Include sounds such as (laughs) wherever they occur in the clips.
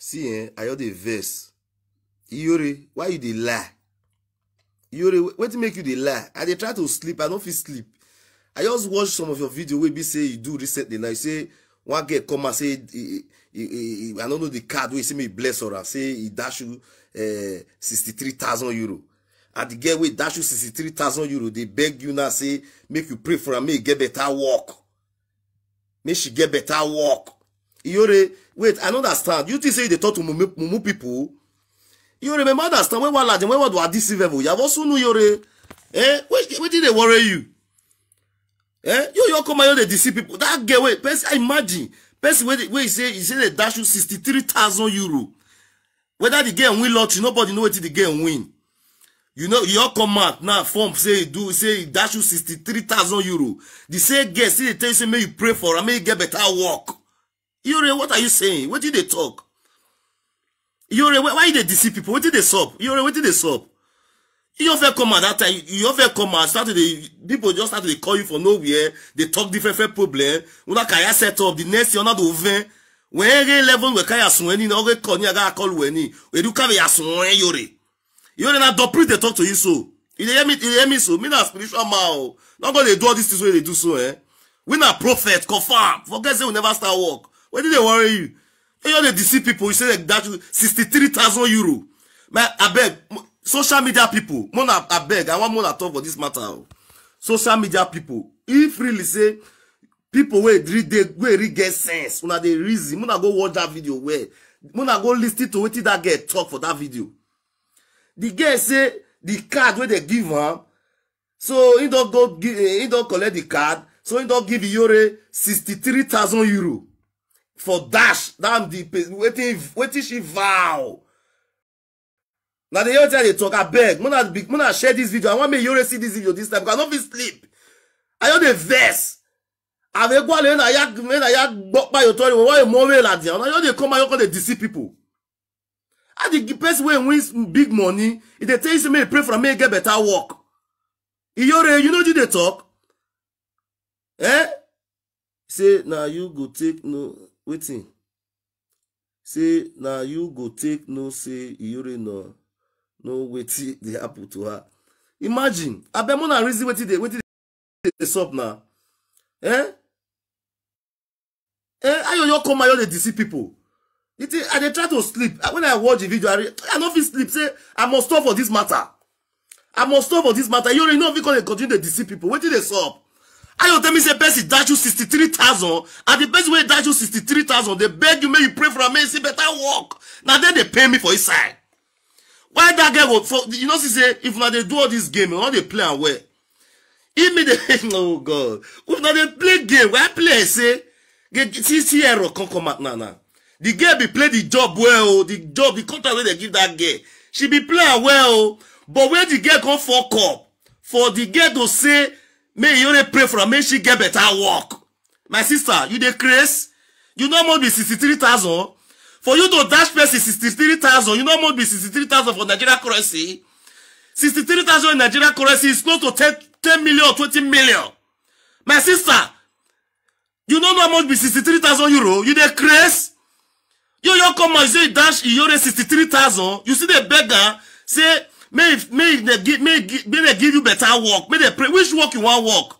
see eh i dey vex iyore why you dey lie iyore wetin make you dey lie i dey try to sleep i no fit sleep i just watch some of your video wey be say you do recently Now you say one girl come out say i no know the card wey say make bless her say e dash you eh, sixty three thousand euro and the girl wey dash you sixty three thousand euro dey beg you now say make you pray for am make e get better work make she get better work iyore wait i no understand you think say you dey talk to mumu, mumu people you remember understand wey wahala dem wey word wa deceive evo yabo sunu yore eh wetin dey worry you eh you your come you dey deceive people that girl wey person imagine person wey wey say he say dey dash you sixty-three thousand euro whether the girl win lottery nobody know wetin the girl win you know your out now form say you do say you dash you sixty-three thousand euro the same girl still dey tell you say make you pray for am make you get better work Yore, what are you saying? What did they talk? Yore, why they deceive people? What did they sup? Yore, what did they sup? You often come at that time, you often come and start to the people just start to call you from nowhere. They talk different, different problem. Una kaya set up the next year, not over. When grade eleven, we kaya sunweni, na oge call ni aga call weni. We do kaya sunweni yore. Yore na dopri they talk to you so. You hear me? You hear me so? Me na spiritual man. go gonna do all these things when they do so. Eh? We na prophet confirm. Forget say we never start work did they worry you you just dey deceive people you say like that sixty-three thousand euro my abeg social media people mona beg i want more mona talk for this matter oh. social media people if really say people wey really dey wey really get sense una dey reason mona go watch that video well mona go lis ten to wetin that girl talk for that video the girl say the card wey dey give am so he don go eh, he don collect the card so he don give iyore sixty-three thousand euro for dash down the page wetin wetin she vow na the young dey talk abeg muna muna share this video i wan make yore see this video this time because i no fit sleep i no dey vex avegwale na ya na ya gbọpa your tori why you more la dia una you dey come out come dey deceive people and the person wey win big money e dey tell you say make you pray for am make you get better work iyore e you know you dey talk eh say na you go take no wetin say na you go take no say iyore no no wetin dey happen to her imagine abeg mụ na reason wetin dey wetin dey sup na eh eh ayoyo come ayo dey deceive people it i dey try to sleep ah, when i watch the video i, re, I no fit sleep say i must stop for this matter i must stop for this matter iyore no fit come dey continue dey deceive people wetin dey sup tell me say person dash you sixty-three thousand and the person wey dash you sixty-three thousand dey beg you make you pray for am make you see better work Now then they pay me for inside why that girl go for you know she say if now they do all this game and all they play am well if me dey (laughs) oh god if now they play game why play say get see error come come out now now the girl be play the job well oh. the job the contract wey they give that girl she be play well oh. but where the girl come fuck up for the girl to say May you only pray for her make she get better work my sister you dey craze you no must be sixty-three thousand for you to dash person sixty-three thousand you no must be sixty-three thousand for nigeria currency sixty-three thousand in nigeria currency is close to ten ten million twenty million my sister you no know how much be sixty-three thousand euro you dey craze yo yo come out you say you dash iyore sixty-three thousand you still dey beg am say may may they give may, may they give you better work may they pray which work you wan work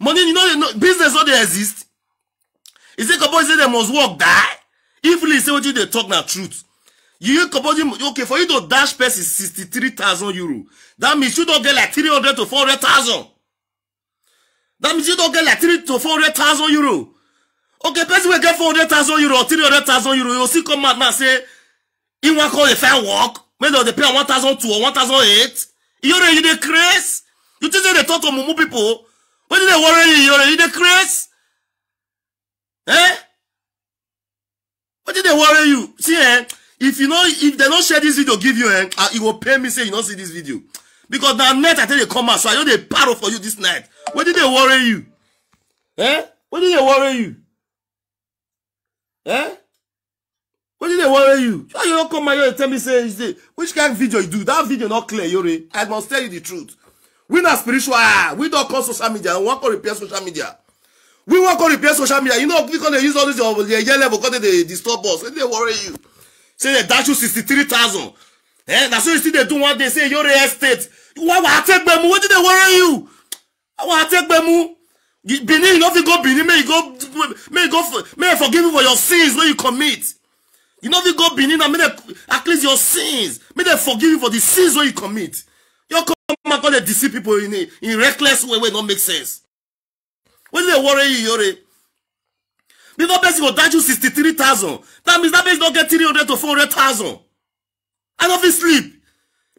money you know, you know business no dey exist e say compulsory say dem must work die if you say what you dey talk na truth you compulsory okay for you to dash person sixty-three thousand euro that means you don get like three hundred to four hundred thousand that means you don get like three to four hundred thousand euro okay person wey get four hundred thousand euro or three hundred thousand euro you go still come out now say e wan call dey fair work make dem dey pay am one thousand two or one thousand eight iyore you dey craze you think say dey talk to mumu people wetin dey worry you iyore you dey craze eh wetin dey worry you see eh if you no if dem no share this video give you eh e uh, go pain me say you no see this video because na net i take dey come out so i no dey paro for you this night wetin dey worry you eh wetin dey worry you eh. What did they worry you sure you no come my and tell me say say which kind video you do that video not clear Yuri. i must tell you the truth we not spiritual ah. we don't call social media we wan come repair social media we wan come repair social media you know because they use all this your your level because they disturb us What did they worry you say dey dash you sixty-three thousand eh that's so you see they do what they say Yuri estate wa wa ategbemu wetin dey worry you wa ategbemu benin you no fit go benin make you go May you go make you forgive you for your sins when you commit you no fit go benin na make at least your sins may they forgive you for the sins wey you commit your come come dey deceive people in a in reckless way wey no make sense wetin they worry you yore before person go dash you sixty-three thousand that means that person don get three hundred to four hundred thousand i don't fit sleep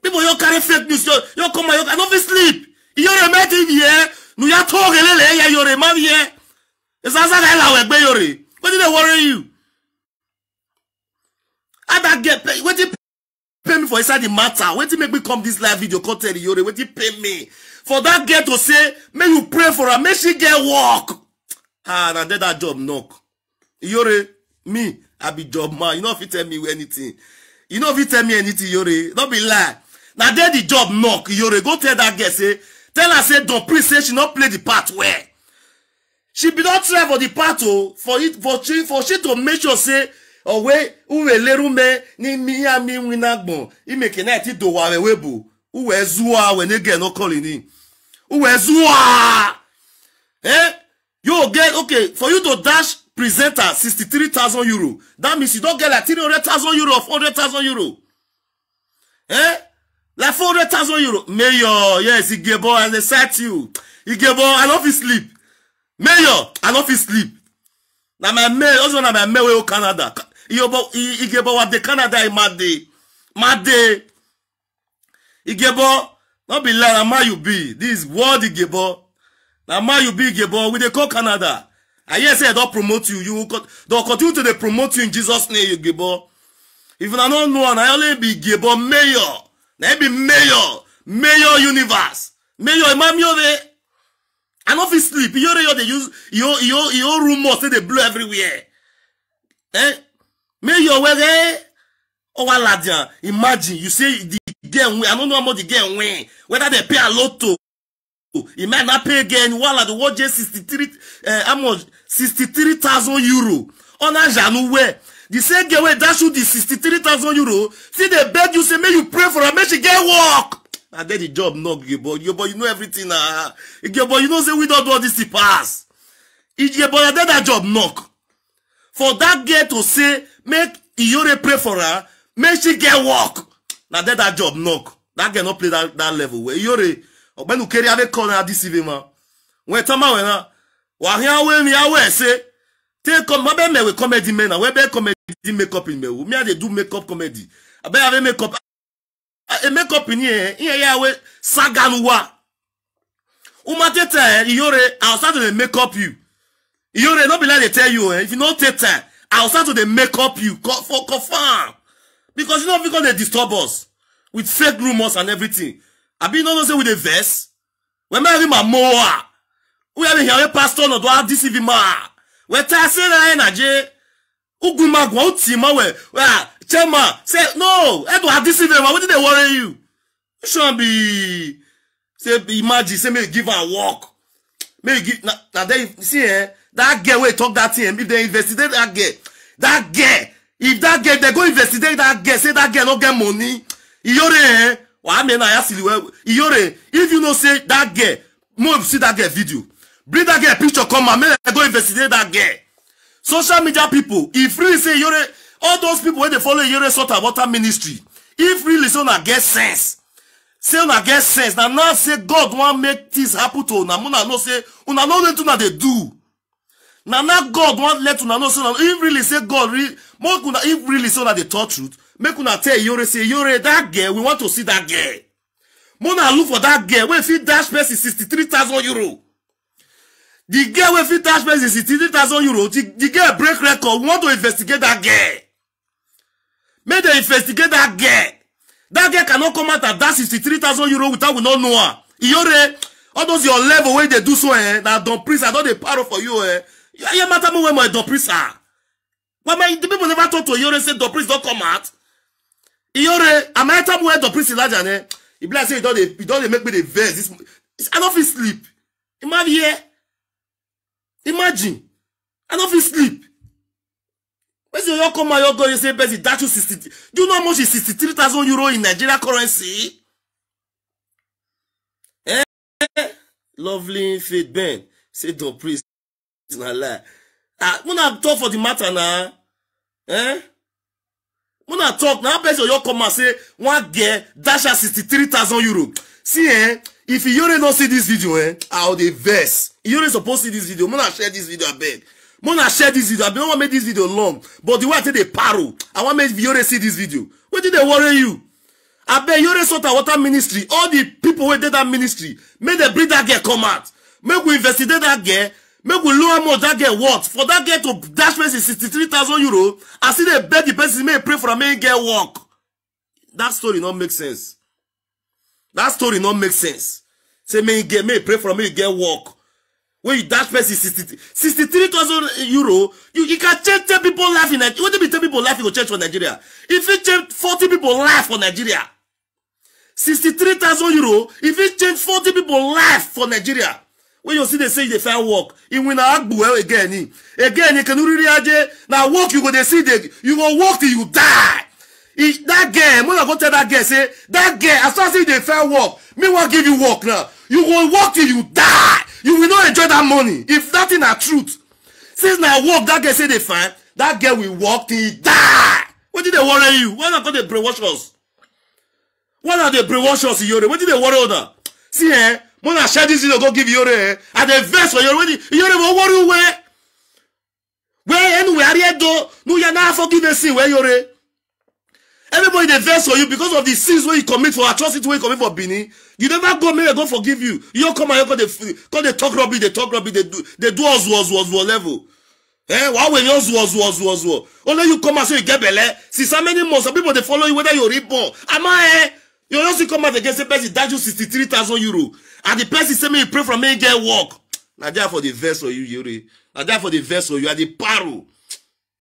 people yoo carry fake news You come out yoo i don't fit sleep You're a man here. iyore mẹ́tì yẹ nuya tó ògèlè lẹ́yẹ yore má yẹ ìsánsá ka ẹ̀ làwọn ẹgbẹ́ yore wetin they worry you how that get pay What you pay me for inside the matter What you make me come this live video come tell what you pay me for that girl to say May you pray for her make she get work ah na did that job knock Iyore me i be job man you know if you tell me anything you know if you tell me anything Iyore no be lie Now did the job knock Iyore go tell that girl say tell her say Don't priest say she not play the part Where? she be not try for the part Oh, for it for she for she to make sure say owe me n'ime ihe ama inwi na agbọn imeke na eti doware we bụ uwe zuwa we ne ge no kolini uwe zuwa eh you get okay for you to dash presenter 63000 euro that means you don't get like 300000 euro of 100000 euro eh like 400000 euro mayor yes igebo i dey cite you igebo i no fit sleep mayor i no fit sleep na my mail also na my mail wey go canada igebo wa dey canada ma dey ma dey igebo no be lie na ma you be this world igebo na ma you be igebo we dey call canada i hear say i don promote you you don continue to dey promote you in jesus name igebo if una no know na only be igebo mayor na be mayor mayor universe mayor imamiore i no fit sleep iyore yo dey use iyo iyo iyo rumour say dey blow everywhere eh your were oh ladian imagine you say the game. win i don't know how much the game win whether they pay a lotto e might not pay again at the world just 63 uh, eh, how much 63000 euro on a janu where the same girl wey dash you the 63000 euro See dey beg you say make you pray for her make she get work I did the job knock yebo boy, you know everything na uh, boy, you know say we don do all this thing pass yebo na then that job knock for that girl to say make iyore pray for her make she get work na there that job knock that girl no play that, that level well iyore ọgbẹni carry abe call na this evening ma wọn tama wọn na wàhíà awé mi awé ẹsẹ take come wọn bẹ mẹwẹ comedy men na wọn bẹ comedy make up in me. mi i dey do make up comedy abẹ yà bẹ make up e make up in yẹn yẹn yà awé saganu wa uma take eh, time iyore outside dey make up you iyore no be like they tell you eh if you no take time I'll start to dey make up you for confirm because you no fit come dey disturb us with fake rumors and everything I've been no know say we dey vex we marry mamoa we have here pastor na do have this even ma we tell say na energy ugumagwa utima we ah chema say no I do have this even ma did they worry you you shouldn't be say imagine say may give her a walk. May give now. Now they see eh that girl wey talk that thing if they investigate that girl that girl if that girl they go investigate that girl say that girl no get money iyore eh wahame na yasiri well iyore if you know say that girl mo see that girl video bring that girl picture come out make dem go investigate that girl social media people if really say iyore all those people wey dey follow iyore sota water ministry if really say una get sense say una get sense na now say god wan make things happen to una una know say una no dey do na dey do na now god wan let una know so if really say god really make una if really say una dey talk truth make una tell yore say yore dat girl we want to see dat girl mona look for dat girl wey fit dash person sixty-three thousand euro the girl wey fit dash person sixty-three thousand euro the, girl break record we want to investigate dat girl make dem investigate dat girl dat girl cannot come out at dat sixty-three thousand euro without we no know am iyore all those your level wey dey do so eh na don priest i don dey paro for you eh Your matter me when my Dopris are. Why my the people never talk to Iyore say Dopris don't come out. Iyore, am I time where Dopris is larger? Eh? If say you don't you don't make me the verse. This I don't feel sleep. Imagine here. Imagine. I don't feel sleep. Person you come out, you go, you say, busy. that you 60. Do you know how much is 63,000 euro in Nigeria currency? Eh? Lovely Faith Ben. Say, don't please. Ah, na lie Ah, muna talk for the matter na eh muna talk na person oyo come out say one girl dash her sixty-three thousand euro see eh if you iyore no see this video eh i dey vex iyore suppose see this video muna share this video abeg muna share this video abeg no want make this video long but the way i take dey paro i want make you iyore see this video wetin dey worry you abeg iyore sort out water ministry all the people wey dey that ministry make dem bring that girl come out make we investigate that girl make we lower much that girl worth for that girl to dash person thousand euro as e dey beg di person make e pray for am make e get work That story no make sense That story no make sense say make e get make e pray for am make e get work when you dash person thousand euro you you can change ten people life in nigeria wetin be ten people life you go change for nigeria e fit change forty people life for nigeria sixty three thousand euro e fit change forty people life for nigeria wey you see dey say you dey fair work in win agbu well again e again kenu riri aje na work you go dey see dey you go work till you die e that girl mona go tell that girl say that girl as far as you dey fair work me wan give you work now you go work till you die you will not enjoy that money if that thing na truth since na work that girl say dey fine that girl will work till he die wetin dey worry you why una go dey brainwash us why una dey brainwash us iyore wetin dey worry una see eh when I share this video, go give Yore. And the verse for Yore, Yore will worry where. Where anywhere, Ariedo, no, you're not forgiven sin, where Yore. Everybody the verse for you because of the sins where you commit for atrocity where you commit for Bini. You never go, may God forgive you. You come and you call the talk rubbish, they talk rubbish, they do, they do us, was, was, was level. Eh, why when yours was was was was? Only you come and say you get belay. Since so many months, people they follow you whether you reborn. Am I? Eh? You also come out against say person that you 63,000 euro. And the person say me pray for me get work. Now for the vessel you, you. Now for the vessel you are the paro.